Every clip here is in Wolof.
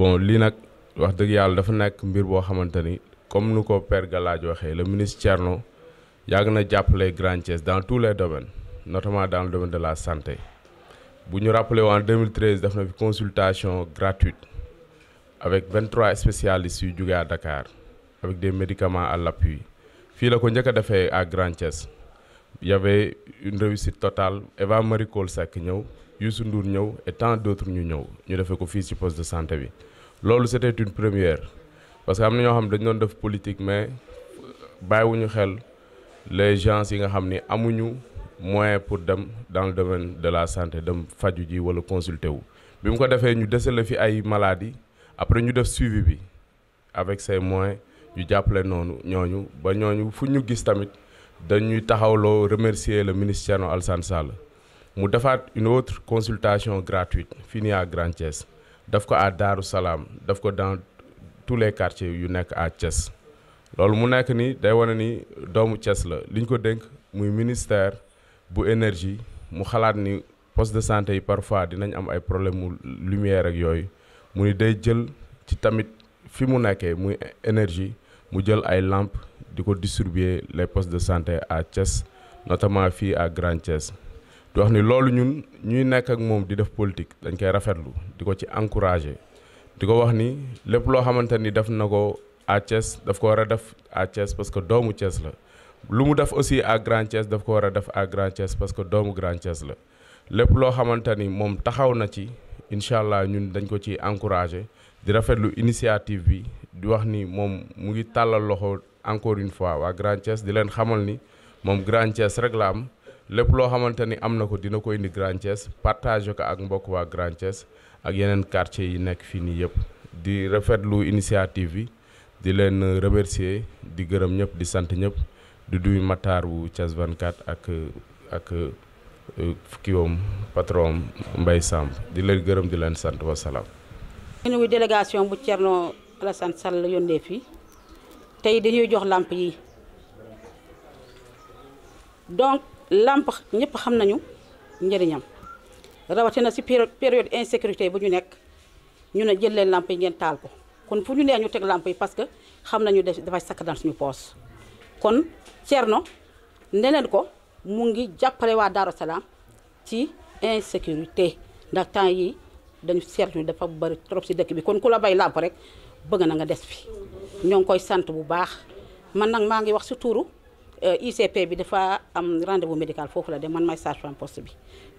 bon lii nag wax dëgg yàlla dafa nekk mbir boo xamante ni comme nu ko Père Galadio waxee le ministre Thierno yàgg na jàppale Grand Thiès dans tous les domaines notamment dans le de la santé bu ñu rappelé en 2013 def na fi consultation gratuite avec 23 spécialistes yu jóge à Dakar avec des médicaments à l'appui fii la ko njëkk a defee à Grand yabe y avait totale Eva Marie Coll Seck ñëw Youssou Ndour ñëw et tant d'autres ñu ñëw ñu defee ko fii ci poste de santé bi loolu c' était une première parce que am na ñoo xam dañ doon def politique mais ñu xel les gens yi nga xam ni amuñu moyen pour dem dans le domaine de la santé dem faju ji wala consulter wu. bi mu ko defee ñu desale fi ay maladie après ñu def suivi bi avec ses moyens ñu jàppale noonu ñooñu ba ñooñu fu ñu gis tamit dañuy taxawloo remercier le ministre Thierno Alassane Sall mu defaat une autre consultation gratuite fii nii à Grand Thiès daf ko à Daaru Salaam daf ko dans tous les quartiers yu nekk à Thiès loolu mu nekk ni day wane ni doomu Thiès la li ñu ko dénk muy ministère bu énergie mu xalaat ni poste de santé yi parfois dinañ am ay problème mu lumière ak yooyu mu ni day jël ci tamit fi mu nekkee muy énergie mu jël ay làmp di ko distribuer les postes de santé à Thiès notamment fii à Grand Thiès di wax ni loolu ñun ñuy nekk ak moom di def politique dañ koy rafetlu di ko ci encouragé di ko wax ni lépp loo xamante ni def na ko à daf ko war a def à parce que doomu Thiès la lu mu def aussi à daf ko war a def à parce que doomu Grand Thiès la lépp loo xamante ni moom taxaw na ci incha allah ñun dañ ko ci encouragé di rafetlu initiative bi di wax ni moom mu ngi tàllal loxo encore une fois waa Grand Thiès di leen xamal ni moom Grand Thiès rek la am lépp loo xamante ni am na ko dina ko indi Grand Thiès partage ko ak mbokk waa Grand Thiès ak yeneen quartier yi nekk fii nii yëpp di rafetlu initiative bi di leen remercier di gërëm ñëpp di sant ñëpp di duy Matar wu Thiès 24 ak ak euh, kiiwam patron mbay samp di leen gërëm di leen sant wasalaam. ñu nuyu délégation bu Thierno Alassane Sall yónnee fii tey dañuy jox làmp yi làmp ñëpp xam nañu njëriñam rawatina si période insécurité bu ñu nekk ñu ne jëlee làmp yi ngeen taal ko kon fu ñu nee ñu teg làmp yi parce que xam nañu dafay sakkanal suñu poos kon Thierno ne leen ko mu ngi jàppale waa Darou Salaam ci insécurité ndax temps yi dañu seetlu dafa bari trop si dëkk bi kon ku la bay làmp rek bëgg na nga des fi ñoo ngi koy sant bu baax man nag maa ngi wax si tuuru. Euh, ICP bi dafa am rendez-vous médical foofu la dem man may sage-femme poste bi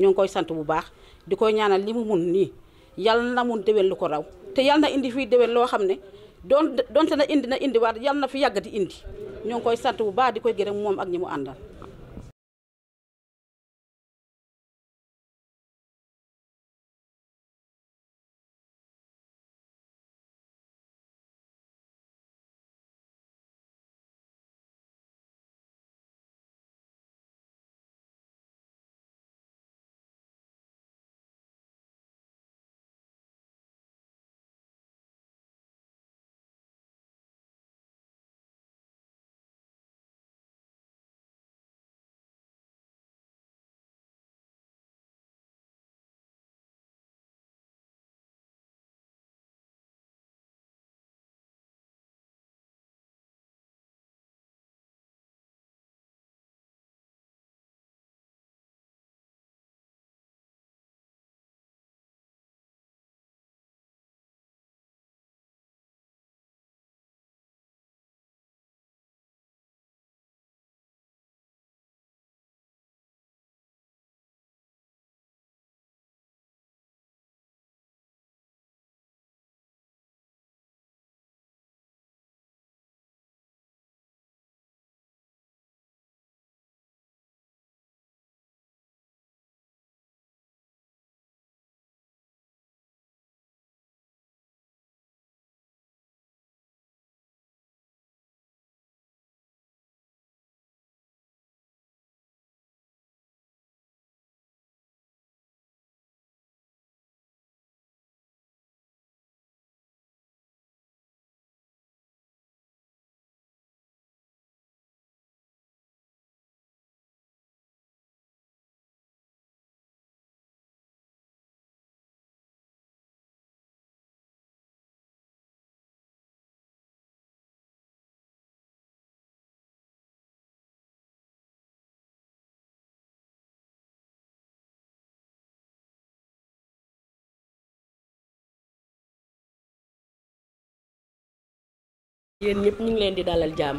ñoo ngi koy sant bu baax di koy ñaanal li mu mun nii yal na mun déwén lu ko raw te yal na indi fii déwén loo xam ne doon donte na indi na indi waat yal na fi yàgg di indi ñoo ngi koy sant bu baax di koy gërëm moom ak ñi mu àndal. yéen ñëpp ñu ngi leen di dalal jàmm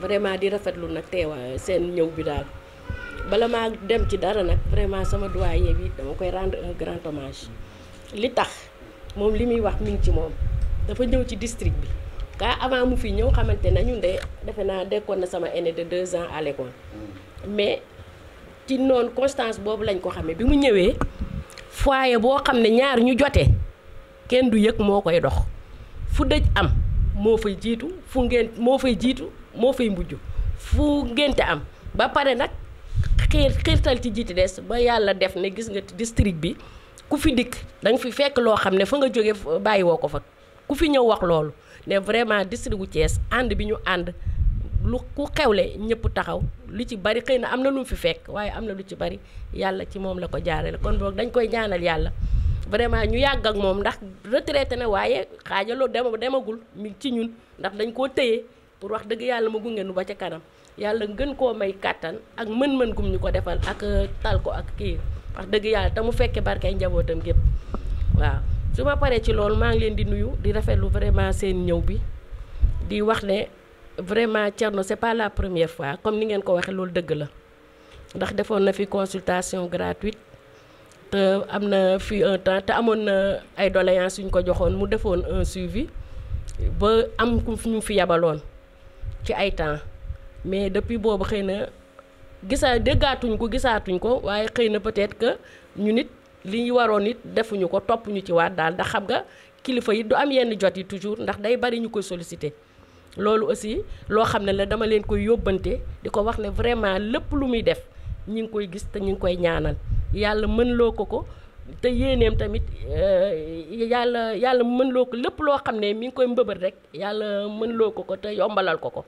vraiment di rafetlu nag teewaay seen ñëw bi daal bala ma dem ci dara nag vraiment sama doyen bi dama koy rendre un grand hommage li tax moom li muy wax mi ngi ci moom dafa ñëw ci district bi kaa avant mu fi ñëw xamante na ñun de defe naa dekkoon na sama aîné de deux ans à l'école mais ci noonu constance boobu lañ ko xamee bi mu ñëwee foyer boo xam ne ñaar ñu jotee kenn du yëg moo koy dox fu dëj am. moo fay jiitu fu ngeen moo fay jiitu moo fay mujj fu ngénte am ba pare nag xiir xiirtal ci jiiti des ba yàlla def ne gis nga district bi ku fi dikk da nga fi fekk loo xam ne fa nga jóge bàyyi woo ko fa ku fi ñëw wax loolu ne vraiment district wu Thiès ànd bi ñu ànd lu ku xewle ñëpp taxaw lu ci bari xëy na am na lu mu fi fekk waaye am na lu ci bari yàlla ci moom la ko jaarale kon boog dañ koy ñaanal yàlla vraiment ñu yàgg ak moom ndax retraité na waaye xaajaloo dem demagul mi ci ñun ndax dañ koo téye pour wax dëgg yàlla ma gunge nu ba ca kanam yàlla gën koo may kàttan ak mën-mën gum ñu ko defal ak euh, tal ko ak kii wax dëgg yàlla te mu fekkee barkay njabootam gépp waaw su ma paree ci loolu maa ngi leen di nuyu di lu vraiment seen ñëw bi di wax ne vraiment Thierno c'est pas la première fois comme ni ngeen ko waxee loolu dëgg la ndax defoon na fi consultation gratuite Euh, am na fii un temps te amoon na ay doléances yu ñu ko joxoon mu defoon un suivi ba am ku ñu fi yabaloon ci ay temps mais depuis boobu xëy na gisaa déggaatuñ ko gisaatuñ ko waaye xëy na peut-être que ñu nit li ñu waroon it defuñu ko topp ñu ci waat daal ndax xam nga kilifa yi du am yenn jot yi toujours ndax day bari ñu ko solliciter. loolu aussi loo xam ne la dama leen koy yóbbante di ko wax ne vraiment lépp lu muy def. ñi ngi koy gis te ñi ngi koy ñaanal yàlla mën loo ko ko te yéeneem tamit eh, yàlla yàlla mën loo ko lépp loo xam ne mi ngi koy mbëbër rek yàlla mën loo ko ko te yombalal ko ko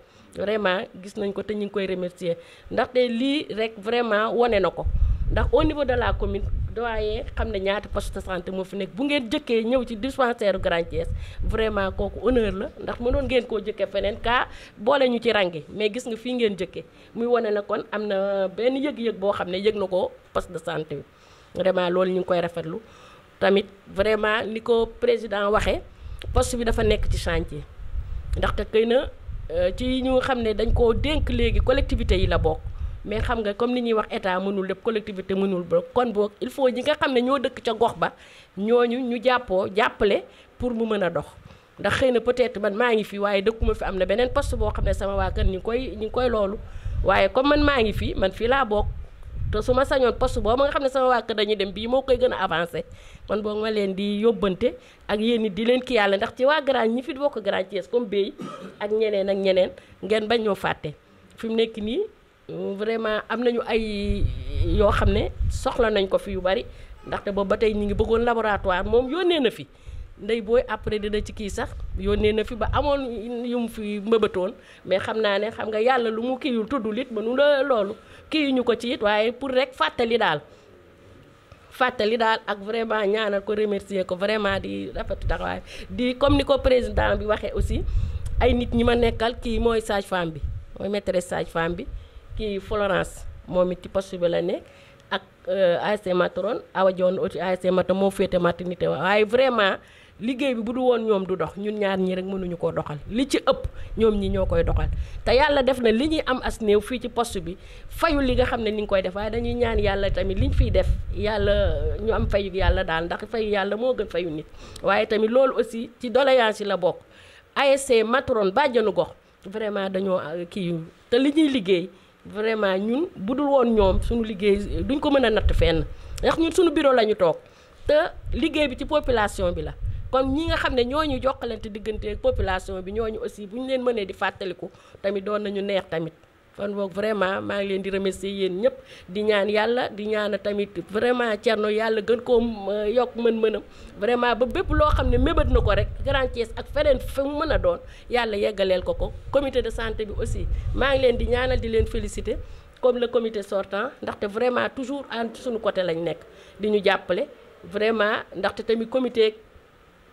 vraiment gis nañ ko te ñu ngi koy remercier ndaxte lii rek vraiment wane na ko ndax au niveau de la commune doyen xam ne ñaata poste de santé moo fi nekk bu ngeen jëkkee ñëw ci dispensaire Grand Thiès vraiment kooku honneur la ndax mënoon ngeen koo jëkkee feneen kaa boole ñu ci rangi mais gis nga fi ngeen jëkkee muy wane na kon am na benn yëg-yëg boo xam ne yëg na ko poste de santé bi vraiment loolu ñu ngi koy rafetlu tamit vraiment ni ko président waxee poste bi dafa nekk ci chantier ndaxte këy na euh, ci ñu xam ne dañ koo dénk léegi collectivité yi la bokk mais xam nga comme ni ñuy wax état mënul lépp collectivité mënul ba kon boog il faut ñi nga xam ne ñoo dëkk ca gox ba ñooñu ñu jàppoo jàppale pour mu mën a dox ndax xëy na peut-être man maa ngi fii waaye dëkkuma fi am na beneen poste boo xam ne sama waa kër ñu koy ñu ngi koy loolu waaye comme man maa ngi fii man fii laa bokk te su ma sañoon boo ma nga xam ne sama waa kër dañuy dem bii moo koy gën a avancé kon boo ma leen di yóbbante ak yéen di leen kii yàlla ndax ci waa ñi fi bokk Grand Thiès comme Béy ak ñeneen ak ñeneen ngeen bañ ñoo fàtte nekk nii vraiment am nañu ay yoo xam ne soxla nañ ko fi yu bari ndaxte boobu ba tey ñu ngi bëggoon laboratoire moom yónnee na fi ndey booy après dina ci kii sax yónnee na fi ba amoon yu mu fi mbëbëtoon mais xam naa ne xam nga yàlla lu mu kii kiiwul tuddul it mënu la loolu kii ñu ko ci it waaye pour rek fàttali daal fàttali daal ak vraiment ñaanal ko remercier ko vraiment di rafetu taxawaay di comme ni ko président bi waxee aussi ay nit ñi ma nekkal kii mooy sage-femme bi mooy maîtresse sage-femme bi kii Florence moom it ci poste bi la nekk ak euh, ASC Matron Awa Dione aussi ASC Matron moo féete maternité waaye vraiment liggéey bi bu du woon ñoom du dox ñun ñaar ñi rek mënuñu koo doxal li ci ëpp ñoom ñi ñoo koy doxal te yàlla def na li ñuy am as néew fii ci post bi fayu li nga xam ne ni nga koy def waaye dañuy ñaan yàlla tamit li ñu fiy def yàlla euh, ñu am fayu yàlla daal ndax fayu yàlla moo gën fayu nit waaye tamit loolu aussi ci doléance yi la bokk ASC Matron bàjjanu gox vraiment euh, te li ñuy liggéey vraiment ñun bu dul woon ñoom suñu liggéey duñ ko mën a natt fenn ndax ñun suñu biro la ñu toog te liggéey bi ci population bi la kon ñi nga xam ne ñoo ñu jokkalante diggante population bi ñoo ñu aussi bu ñu leen mënee di fàttaliku tamit doon nañu neex tamit kon boog vraiment maa ngi leen di remercier yéen ñëpp di ñaan yàlla di ñaana tamit vraiment Thierno yàlla gën koo euh, yokk mën-mënam vraiment ba bépp loo xam ne mébét na ko rek Grand Thiès ak feneen fi mu mën a doon yàlla yeggaleel ko ko comité de santé bi aussi maa ngi leen di ñaanal di leen félicité comme le comité sortant ndaxte vraiment toujours en suñu côté lañ nekk di ñu jàppale vraiment ndaxte tamit comité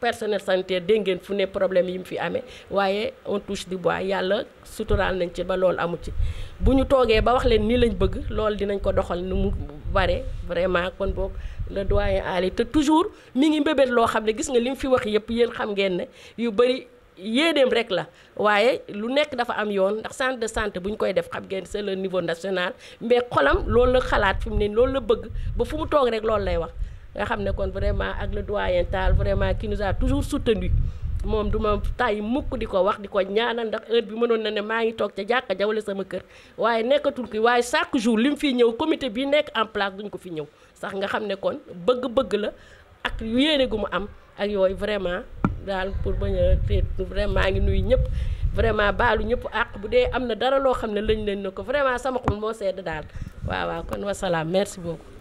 personnel sanitaire dégg ngeen fu ne problème yi mu fi amee waaye on touche du bois yàlla suturaal nañ ci ba lool amu ci bu ñu toogee ba wax leen nii lañ bëgg loolu dinañ ko doxal nu mu bare vraiment kon boog le doyen Ali te toujours mi ngi mbébét loo xam ne gis nga li mu fi wax yëpp yéen xam ngeen ne yu bëri yéeneem rek la waaye lu nekk dafa am yoon ndax centre de santé bu ñu koy def xam ngeen c'est le niveau national mais xolam loolu la xalaat fi mu ne loolu la bëgg ba fu mu toog rek loolu lay wax nga xam ne kon vraiment ak le doyen Tall vraiment qui nous a toujours soutenu moom du ma tàyyi mukk di ko wax di ko ñaanal ndax heure bi mënoon na ne maa ngi toog ca jàkka jawale sama kër waaye nekkatul ki waaye chaque jour li mu fiy ñëw comité bi nekk en place duñ ko fi ñëw sax nga xam ne kon bëgg-bëgg la ak yéene gu mu am ak yooyu vraiment daal pour bañ a vraiment ngi nuyu ñëpp vraiment baalu ñëpp àq bu dee am na dara loo xam ne lañ leen na ko vraiment sama xol moo daal waaw kon wasalaam merci beaucoup